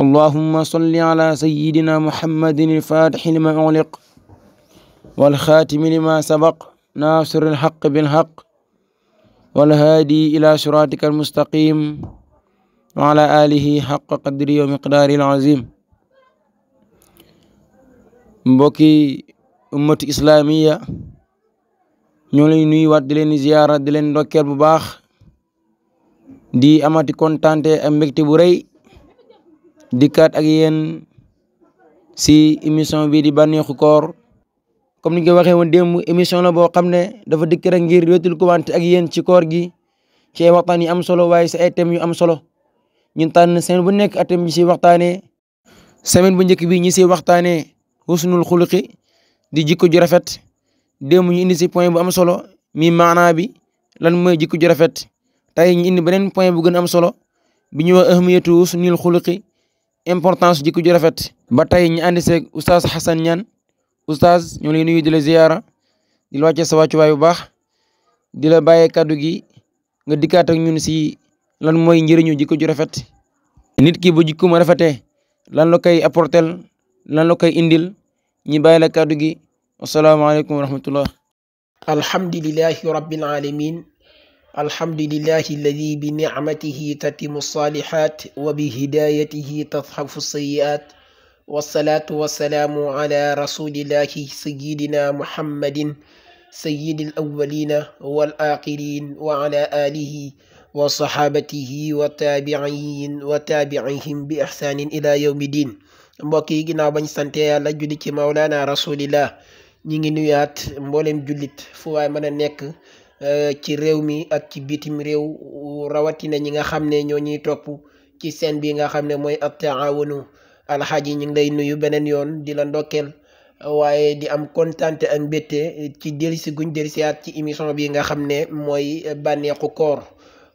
اللهم صل على سيدنا محمد الفاتح لما أغلق والخاتم لما سبق ناصر الحق بالحق والهادي إلى صراطك المستقيم وعلى آله حق قدره ومقداره العظيم mbokki ummatu islamiya ñoo lay nuyu waat di leen ziyaara di leen ndokkeel bu baax di amati kontaante ak mbégte bu rëy dikkaat ak yéen si émission bii di bànneexu koor comme ni nga waxee woon démb émission la boo xam ne dafa dikk rek ngir wetul kuwante ak yéen ci koor gi ci ay waxtaan am solo waaye si ay thèmes yu am solo ñun tànn semaine bu nekk atem ñu si waxtaanee semaine bu njëkk bi ñi si waxtaanee husnul xuluqi di jikko ju rafet démb ñu indi si point bu am solo mi maanaa bi lan mooy jikko ju rafet tey ñu indi beneen point bu gën a am solo bi ñu wax ahmiyatu husnul xuluqi importance jikko ji rafet ba tey ñu àndi seeg oustaz Xasan Ñaan oustaz ñu ngi lay nuyu di la ziyaara di la wàccee sa wàccuwaay bu baax di la bàyyee kàddu gi nga dikkaat ak ñun si lan mooy njëriñu jikko ji rafet nit ki bu jikko ma rafetee lan la koy apporter lan la koy indil ñi bàyyi la kàddu gi wasalaamaaleykum wa rahmatullah alhamdulilahi rabbil alamin alhamdulillahi alladi bi nicmatihi tatimu salihat wa bi hidayatihi tadhafu sayiat wasalaatu wasalaamu ala rasulillahi sayidina muhammadin sayidi alawalina wal axirin wa ala alihi wa saxaabatihi wa taabiin wa bi ixsaanin ila yawmi diin mbokk yi ginnaaw bañ sante yàlla julli ci mawlaana ngi nuyaat mboolem fu waay mën nekk Euh, ci réew mi ak ci bitim réew rawatina ñi nga xam ne ñoo ñuy topp ci seen bi nga xam ne mooy at taawunu alxaaji ñu ngi lay nuyu beneen yoon di la ndokkeel waaye di am kontante ak mbette ci delsi guñ delsiaat ci émission bi nga xam ne mooy bànneexu koor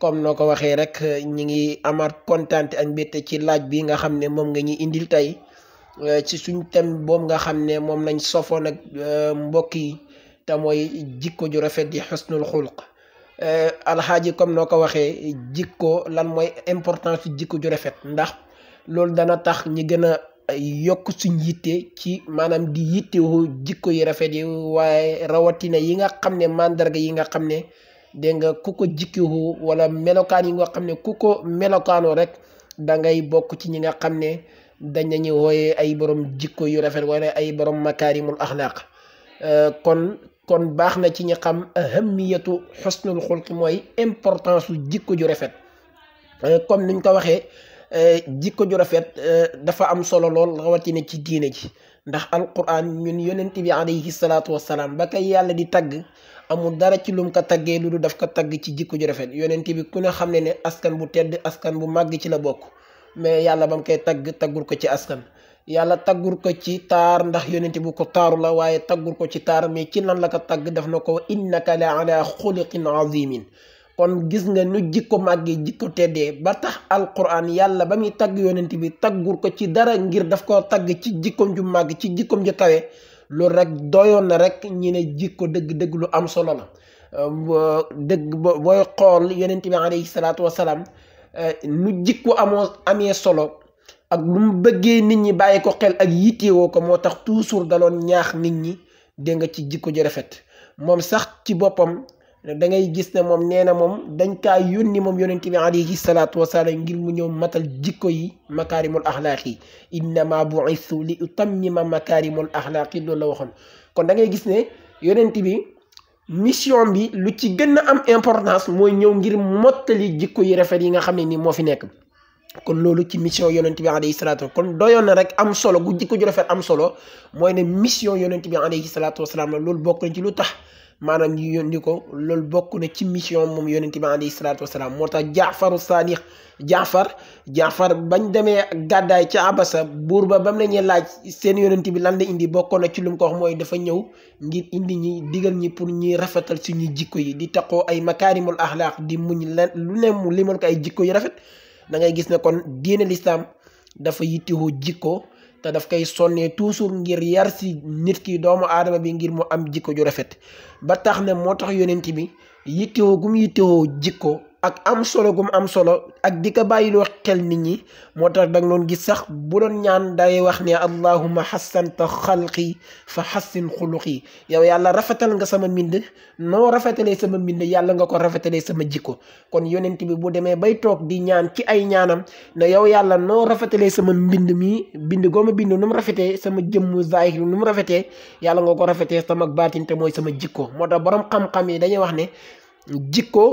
comme noo ko waxee rek ñi ngi amaat kontante ak mbette ci laaj bi nga xam ne moom nga ñuy indil tey euh, ci suñ thème boobu nga xam ne moom lañ sofoon ak euh, mbokk yi te mooy jikko ju rafet yi xusnul xulq eh, alxaaji comme noo ko waxee jikko lan mooy important importance jikko ju rafet ndax loolu dana tax ñi gën a yokk suñ yitte ci maanaam di yittewu jikko yu rafet yi waaye rawatina yi nga xam ne màndarga yi nga xam ne dégg nga ku ko wala melokaan yi nga xam ne ku ko melokaanoo rek da ngay bokk ci ñi nga xam ne dañ nañu wooye ay borom jikko yu rafet wala ay borom makaarimul axlaaq eh, kon kon baax na ci ñi xam ahamiyatu xusnul xulqi mooy importance jikko ju rafet euh, comme niñ ko waxee euh, jikko ju rafet euh, dafa am solo lool rawatina ci diine ji ndax alquran ñun yonent bi alayhi salaatu wasalaam ba kay yàlla di tagg amul dara ci lum ko taggee lu du daf ko tagg ci jikko ju rafet yonent bi ku ne xam ne ne askan bu tedd askan bu màgg ci la bokk mais yàlla ba mu koy tagg taggul ko ci askan yàlla taggul ko ci taar ndax yonente bu ko taaru la waaye taggul ko ci taar mais ci lan la ko tagg def na ko innaka la ala xuliqin azimin kon gis nga nu jikko màggee jikko teddee ba tax alquran yàlla ba muy tagg yonent bi taggul ko ci dara ngir daf ko tagg ci jikkoom ju màgg ci jikkoom ju kawe loolu rek doyoon na rek ñi ne jikko dëgg-dëgg lu am solo la dëgg booy xool yonent bi alayhi salaatu wasalaam nu jikko amoo amee solo ak lu mu bëggee nit ñi bàyyi ko xel ak yittewoo ko moo tax toujours daloon ñaax nit ñi dégg nga ci jikko ji rafet moom sax ci boppam da ngay gis ne moom nee na moom dañ kaa yónni moom yonente bi alayhi salaatu wasalaam ngir mu ñëw matal jikko yi makaarimul axlaaqi innama buistu li utammima makaarimul axlaaqi loolu la waxoon kon da ngay gis ne yonente bi mission bi lu ci gën a am importance mooy ñëw ngir mottali jikko yi rafet yi nga xam ne nii moo fi nekk kon loolu ci mission yonent bi alayhi salaatu kon doyoon na rek am solo bu jikko ju rafet am solo mooy ne mission yonent bi alayhi salaatu wa salaam la loolu bokk na ci lu tax maanaam ñu yónni ko loolu na ci mission moom yonent bi alayhi salaatu wa salaam moo tax jaafaru saadiq jaafar jaafar bañ demee gàddaay ca abasa buur ba bam nañee laaj seen yonent bi lan la indi bokkoon na ci lu mu ko wax mooy dafa ñëw ngir indi ñi digal ñi pour ñuy rafetal suñuy jikko yi di taqoo ay makaarimul axlaaq di muñ len lu ne mu limal ko ay jikko yu rafet da ngay gis ne kon diine lislaam dafa yittewoo jikko te daf koy sonnee toujours ngir yar si nit ki doomu aadama bi ngir mu am jikko ju rafet ba tax ne moo tax yonent bi yittewoo gu mu jikko ak am solo gum am solo ak di ko bàyyiloo xel nit ñi moo tax da nga doon gis sax bu doon ñaan day wax ne allahuma xassanta xalqi fa xassin xuluqi yow yàlla rafetal nga sama mbind noo rafetalee sama mbind yàlla nga ko rafetalee sama jikko kon yonent bi bu demee bay toog di ñaan ci ay ñaanam ne yow yàlla noo rafetalee sama mbind mi bind ma bind nu mu rafetee sama jëmm zaahir nu mu rafetee yàlla nga ko rafetee sama baatin te mooy sama jikko moo tax borom xam-xam yi dañuy wax ne jikko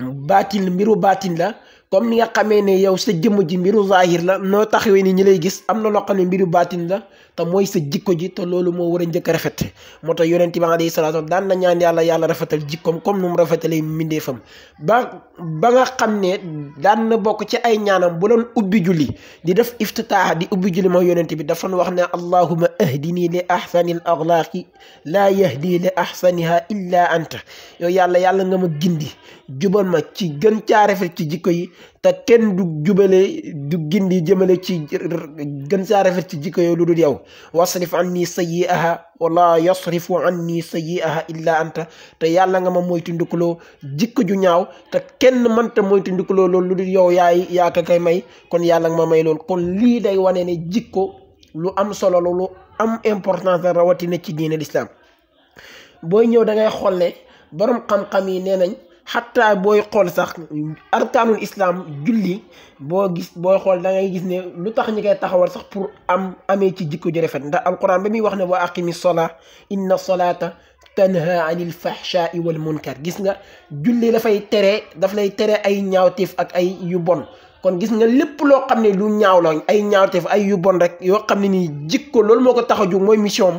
baatin mbiru baatin la comme ni nga xamee ne yow sa jëmm ji mbiru zahir la noo tax taxawee nii ñu lay gis am na loo xam mbiru baatin la te mooy sa jikko ji te loolu moo war a njëkk a rafet moo tax yonent daan na ñaan yàlla yàlla rafetal jikkoom comme nu mu rafetalee ba ba nga xam ne daan na bokk ci ay ñaanam bu doon ubbi julli di def iftitaax di ubbi julli moo yonent bi dafa wax ne allahuma ahdini li ahsani l axlaaqi laa yahdi li ahsaniha illa anta yooyu yàlla yàlla nga ma gindi jubal ma ci gën caa rafet ci jikko yi te kenn du jubale du gindi jëmale ci gën saa rafet ci jikko yow lu dul yow wasrif anni sayyi'aha wala nii anni sayyi'aha illa anta te yàlla nga ma moytu ndukuloo jikko ju ñaaw te kenn mënta moytu ndukuloo loolu lu dul yow yaay yaa ka koy may kon yàlla nga ma may loolu kon lii day wane ne jikko lu am solo la lu am importance rawatina ci diine l'islam booy ñëw da ngay xool ne borom xam-xam yi nee nañ xataa booy xool sax arkaanul islaam julli boo gis booy xool da ngay gis ne lu tax ñi koy taxawal sax pour am amee ci jikko ju rafet ndax alquran ba muy wax ne wa aqimi sola inna solata tanha anil fahshai wal munkar gis nga julli dafay tere daf lay tere ay ñaawteef ak ay yu bon kon gis nga lépp loo xam ne lu ñaaw la ay ñaawteef ay yu bon rek yoo xam ne nii jikko loolu moo ko tax a jóg mooy mission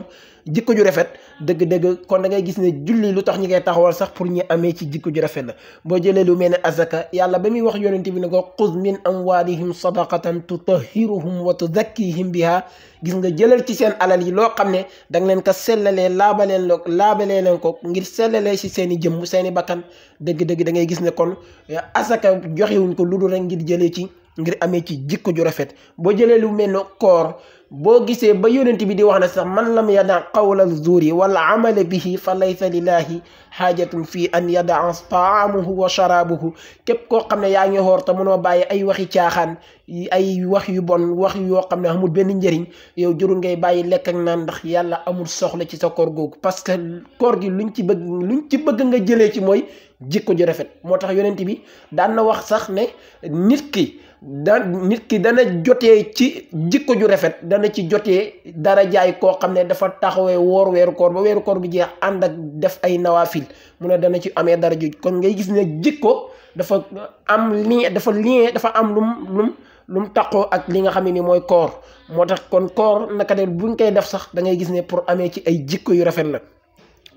jikko ju rafet dëgg-dëgg kon da ngay gis ne julli lu tax ñu ngay taxawal sax pour ñu amee ci jikko ju rafet la boo jëlee lu mel ne azaka yàlla muy wax yonente bi ne ko xuz min amwalihim sadaqatan tutahiruhum wa tuzakkihim biha gis nga jëlal ci seen alal yi loo xam ne danga leen ko sellalee laabaleen lo laabalee leen ko ngir sellalee si seen i jëmm seen i bakkan dëgg-dëgg gis ne kon joxewuñ ko lu dul rek ngir jëlee ci ngir amee ci jikko ju rafet boo jëlee lu mel ne koor boo gisee ba yonent bi di wax na sax man lam yada qawla zuuri wal amala bihi fa laysa lillahi xaajatum fii an yadaa taamuhu wa sharaabuhu képp koo xam ne yaa ngi xoor te mënoo bàyyi ay waxi caaxaan ay wax yu bon wax yoo xam ne amul benn njëriñ yow jërul ngay bàyyi lekk ak naan ndax yàlla amul soxla ci sa koor googu parce que koor gi ñu ci bëgg luñ ci bëgg nga jëlee ci mooy jikko ju rafet moo tax yonent bi daan na wax sax ne nit ki da nit ki dana jotee ci jikko ju rafet dana ci jotee dara jaay koo xam ne dafa taxawee woor weeru koor ba weeru koor bi jeex ànd ak def ay nawaafil mu ne dana ci amee dara ju kon ngay gis ne jikko dafa am lien dafa lien dafa am lu lum lu mu taqoo ak li nga xam ne ni mooy koor moo tax kon koor naka de buñ koy def sax da ngay gis ne pour amee ci ay jikko yu rafet la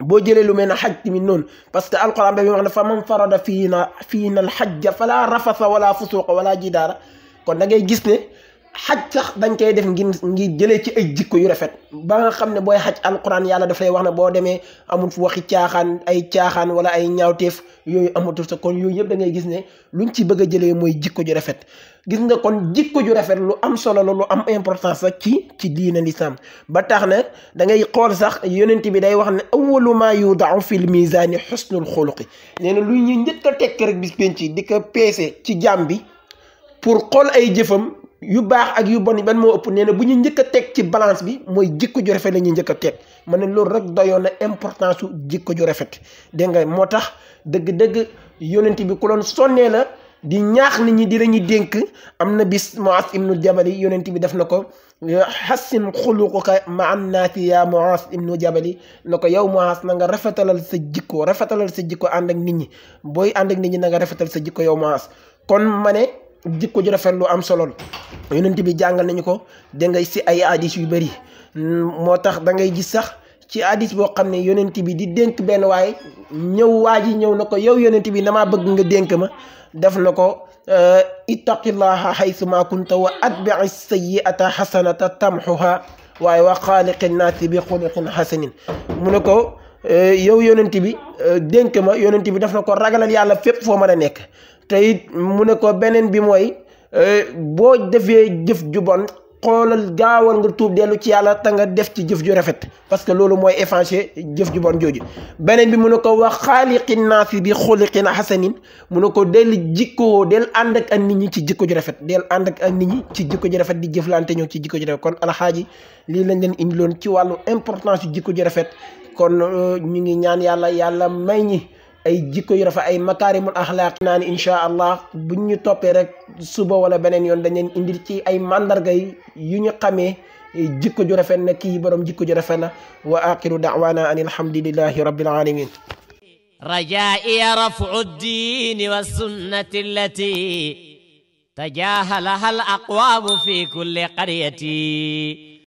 boo jëlee lu mel ne xaj tamit noonu parce que alquran ba bi wax ne fa man farada fii na fii na alxajja fala rafasa wala fusuqa wala jidaara kon da ngay gis ne xaj sax dañ koy def ngir ngir jëlee ci ay jikko yu rafet ba xam ne booy xaj alquran yàlla daf lay wax ne boo demee amul waxi caaxaan ay caaxaan wala ay ñaawteef yooyu amatul sa kon yooyu yëpp dangay gis ne luñ ci bëgg a jëlee mooy jikko ju rafet gis nga kon jikko ju rafet lu am solo la lu am importance sax ci ci diina lislaam ba tax na da xool sax yonent bi day wax ne awwalu maa yudaau fil mizaani xusnul xuluqi nee na luy ñuy njëkk a tekk rek bis penc di ko peese ci jaam bi pour xool ay jëfam yu baax ak yu bon ban moo ëpp nee na bu ñu njëkk a teg ci balance bi mooy jikko ju rafet la ñuy njëkk a teg ma ne loolu rek doyoon na importance su jikko ju rafet dégg nga moo tax dëgg-dëgg yonent bi ku doon sonnee la di ñaax nit ñi di dénk am na bis Muaz ibnu Jabali yonent bi def na ko xassin xuluquka ma ci naasi yaa Muaz ibnu Jabali na ko yow Muaz na nga rafetalal sa jikko rafetalal sa jikko ànd ak nit ñi booy ànd ak nit ñi na nga rafetal sa jikko yow Muaz kon ma ne jikko ju rafet lu am solo yonent bi jàngal nañu ko da si ay adis yu bëri moo tax da ngay gis sax ci hadis boo xam ne yonent bi di dénk benn waaye ñëw waa ji ñëw na ko yow yonent bi damaa bëgg nga dénk ma def na ko euh, ittaqillaha haythu ma kunta wa atbi'i sayyi'ata hasanata tamhuha waaye wa xaaliqi naasi bi xuliqin hasanin mu ne ko euh, yow yonent bi euh, dénk ma yonent bi daf na ko ragalal yàlla fépp foo mën a nekk tey mu ne ko beneen bi mooy eh, boo defee jëf ju bon xoolal gaawal nga tuub dellu ci yàlla te nga def ci jëf ju rafet parce que loolu mooy évanger jëf ju bon jooju beneen bi mu ne ko wax xaaliqi naasi bi xuliqin xasanin mu ne ko dell jikkoo del ànd ak nit ñi ci jikko ju rafet del ànd ak nit ñi ci jikko ju rafet di jëflante ñoo ci jikko ju rafet kon alxaaji lii lañ leen indiloon ci wàllu important yu jikko ju rafet kon eh, ñu ngi ñaan yàlla yàlla may ñi ay jikko yu rafet ay makaarimul axlaaq naan incha allah buñ ñu toppee rek suba wala beneen yoon dañeen indil ci ay mandarga yu ñu xamee jikko ju rafet na kii borom jikko ju rafet na wa axiru daawaana an alhamdulillahi rabbil alamin rajaa'i raf'u ddiini wa sunnati allati tajaahalaha al aqwaamu fi kulli qaryati